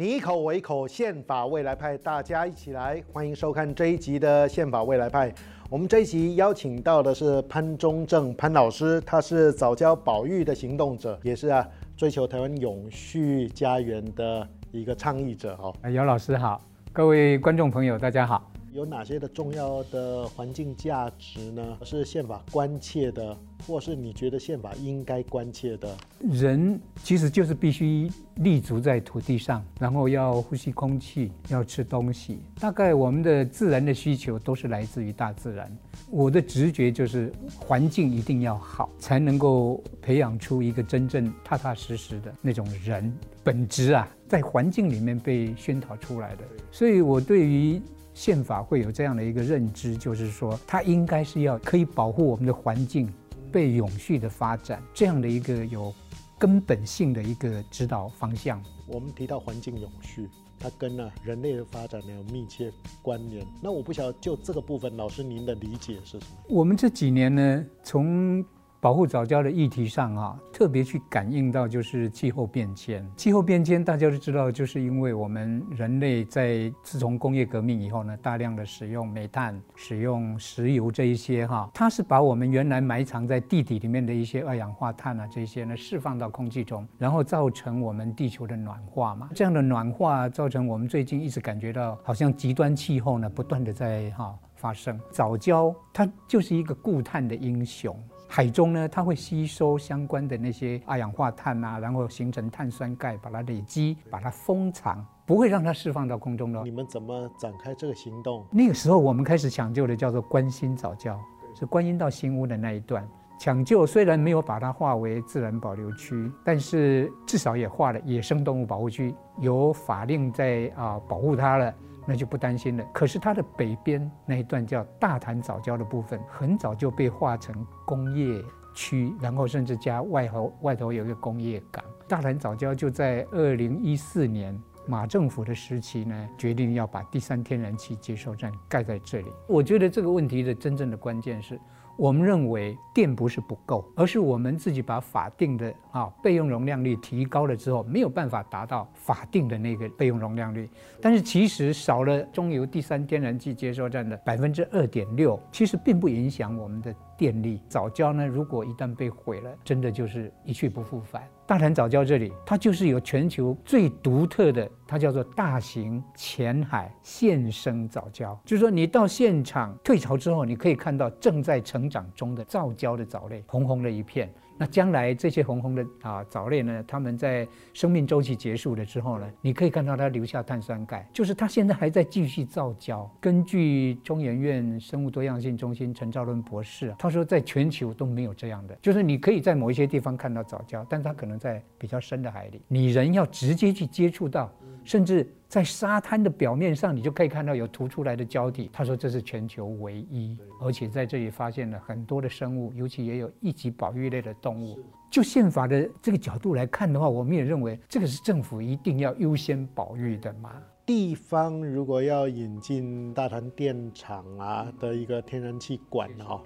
你一口我一口，憲法未來派，大家一起來，歡迎收看這一集的憲法未來派。我們這一集邀請到的是潘忠政潘老師，他是藻礁保育的行動者，也是啊追求台灣永續家園的一個倡議者哦。哎，姚老師好，各位觀眾朋友大家好。有哪些的重要的環境價值呢？是憲法關切的，或是你覺得憲法應該關切的？人其實就是必須立足在土地上，然後要呼吸空氣，要吃東西。大概我們的自然的需求都是來自於大自然。我的直覺就是，環境一定要好，才能夠培養出一個真正踏踏實實的那種人。本質啊，在環境裡面被熏陶出來的。所以我對於憲法會有這樣的一個認知，就是說它應該是要可以保護我們的環境，被永續的發展這樣的一個有根本性的一個指導方向。我們提到環境永續，它跟呢人類的發展呢有密切關聯。那我不曉得就這個部分，老師您的理解是什麼？我們這幾年呢，從保護藻礁的議題上啊，特別去感應到就是氣候變遷。氣候變遷大家都知道，就是因為我們人類在自從工業革命以後呢，大量的使用煤炭、使用石油這一些哈，它是把我們原來埋藏在地底裡面的一些二氧化碳啊這些呢釋放到空氣中，然後造成我們地球的暖化嘛。這樣的暖化造成我們最近一直感覺到好像極端氣候呢不斷地在哈發生。藻礁它就是一個固碳的英雄。海中呢，它會吸收相關的那些二氧化碳啊，然後形成碳酸鈣，把它累積，把它封藏，不會讓它釋放到空中了。你們怎麼展開這個行動？那個時候我們開始搶救的叫做觀音藻礁，是觀音到新屋的那一段。搶救雖然沒有把它劃為自然保留區，但是至少也劃了野生動物保護區，有法令在啊保護它了。那就不擔心了。可是它的北邊那一段叫大潭藻礁的部分，很早就被劃成工業區，然後甚至加外頭外頭有一個工業港。大潭藻礁就在二零一四年馬政府的時期呢，決定要把第三天然氣接收站蓋在這裡。我覺得這個問題的真正的關鍵是。我們認為電不是不夠，而是我們自己把法定的啊備用容量率提高了之後，沒有辦法達到法定的那個備用容量率。但是其實少了中油第三天然氣接收站的百分之二點六，其實並不影響我們的。電力，藻礁呢，如果一旦被毀了，真的就是一去不復返。大潭藻礁這裡，它就是有全球最獨特的，它叫做大型淺海現生藻礁。就是說，你到現場退潮之後，你可以看到正在成長中的藻礁的藻類，紅紅的一片。那將來這些紅紅的啊藻類呢，他們在生命週期結束了之後呢，你可以看到它留下碳酸鈣，就是它現在還在繼續造礁。根據中研院生物多樣性中心陳昭倫博士，他說在全球都沒有這樣的，就是你可以在某一些地方看到藻礁，但它可能在比較深的海裡，你人要直接去接觸到，甚至。在沙灘的表面上，你就可以看到有突出來的礁體。他說這是全球唯一，而且在這裡發現了很多的生物，尤其也有一級保育類的動物。就憲法的這個角度來看的話，我們也認為這個是政府一定要優先保育的嘛。地方如果要引進大潭電廠啊的一個天然氣管啊。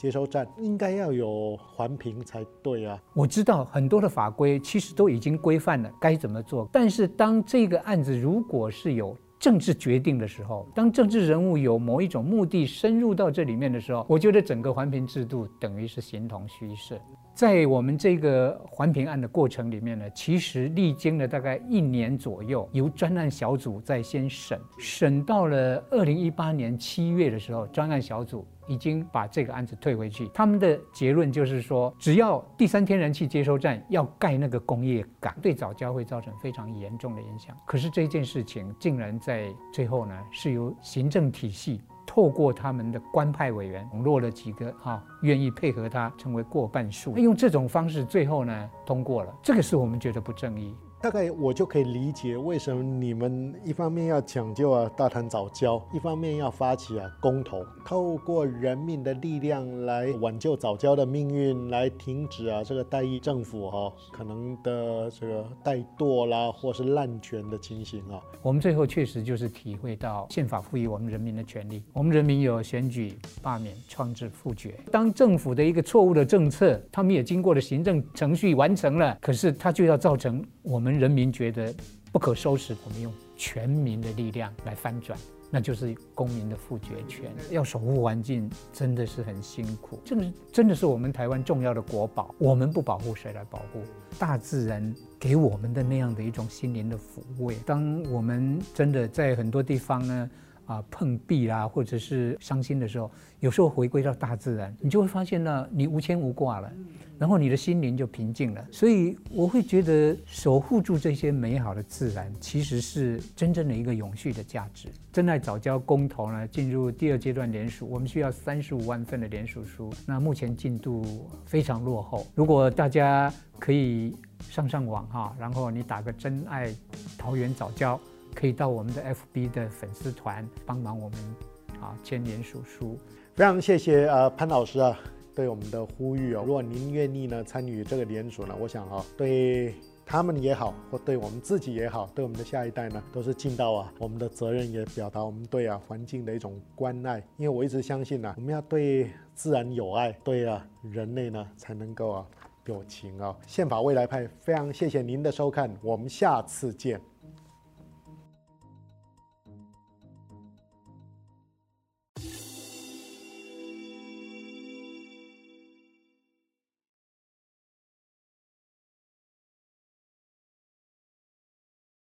接收站應該要有環評才對啊！我知道很多的法規其實都已經規範了該怎麼做，但是當這個案子如果是有政治決定的時候，當政治人物有某一種目的深入到這裡面的時候，我覺得整個環評制度等於是形同虛設。在我們這個環評案的過程裡面呢，其實歷經了大概一年左右，由專案小組在先審，審到了二零一八年七月的時候，專案小組。已經把這個案子退回去，他們的結論就是說，只要第三天然氣接收站要蓋那個工業港，對藻礁會造成非常嚴重的影響。可是這件事情竟然在最後呢，是由行政體系透過他們的官派委員，籠絡了幾個哈，願意配合他成為過半數，用這種方式最後呢通過了。這個是我們覺得不正義。大概我就可以理解為什麼你們一方面要搶救啊大潭藻礁，一方面要發起啊公投，透過人民的力量來挽救藻礁的命運，來停止啊這個代議政府哈、哦、可能的這個怠惰，啦或是濫權的情形啊。我們最後確實就是體會到憲法賦予我們人民的權利，我們人民有選舉、罷免、創制、複決。當政府的一個錯誤的政策，他們也經過了行政程序完成了，可是它就要造成我們。人民覺得不可收拾，我們用全民的力量來翻轉，那就是公民的否決權。要守護環境，真的是很辛苦。這個真的是我們台灣重要的國寶，我們不保護，誰來保護？大自然給我們的那樣的一種心靈的撫慰，當我們真的在很多地方呢，啊，碰壁啊，或者是傷心的時候，有時候回歸到大自然，你就會發現呢，你無牽無掛了，然後你的心靈就平靜了。所以我會覺得守護住這些美好的自然，其實是真正的一個永續的價值。珍愛藻礁公投呢，進入第二階段聯署，我們需要三十五萬份的聯署書，那目前進度非常落後。如果大家可以上上網哈，然後你打個“珍愛桃園藻礁”。可以到我們的 FB 的粉絲團幫忙我們啊簽聯署書，非常謝謝啊潘老師啊對我們的呼籲哦，如果您願意呢參與這個聯署呢，我想啊、哦、對他們也好，或對我們自己也好，對我們的下一代呢都是盡到啊我們的責任，也表達我們對啊環境的一種關愛。因為我一直相信呢、啊，我們要對自然有愛，對啊人類呢才能夠啊有情啊、哦。憲法未來派非常謝謝您的收看，我們下次見。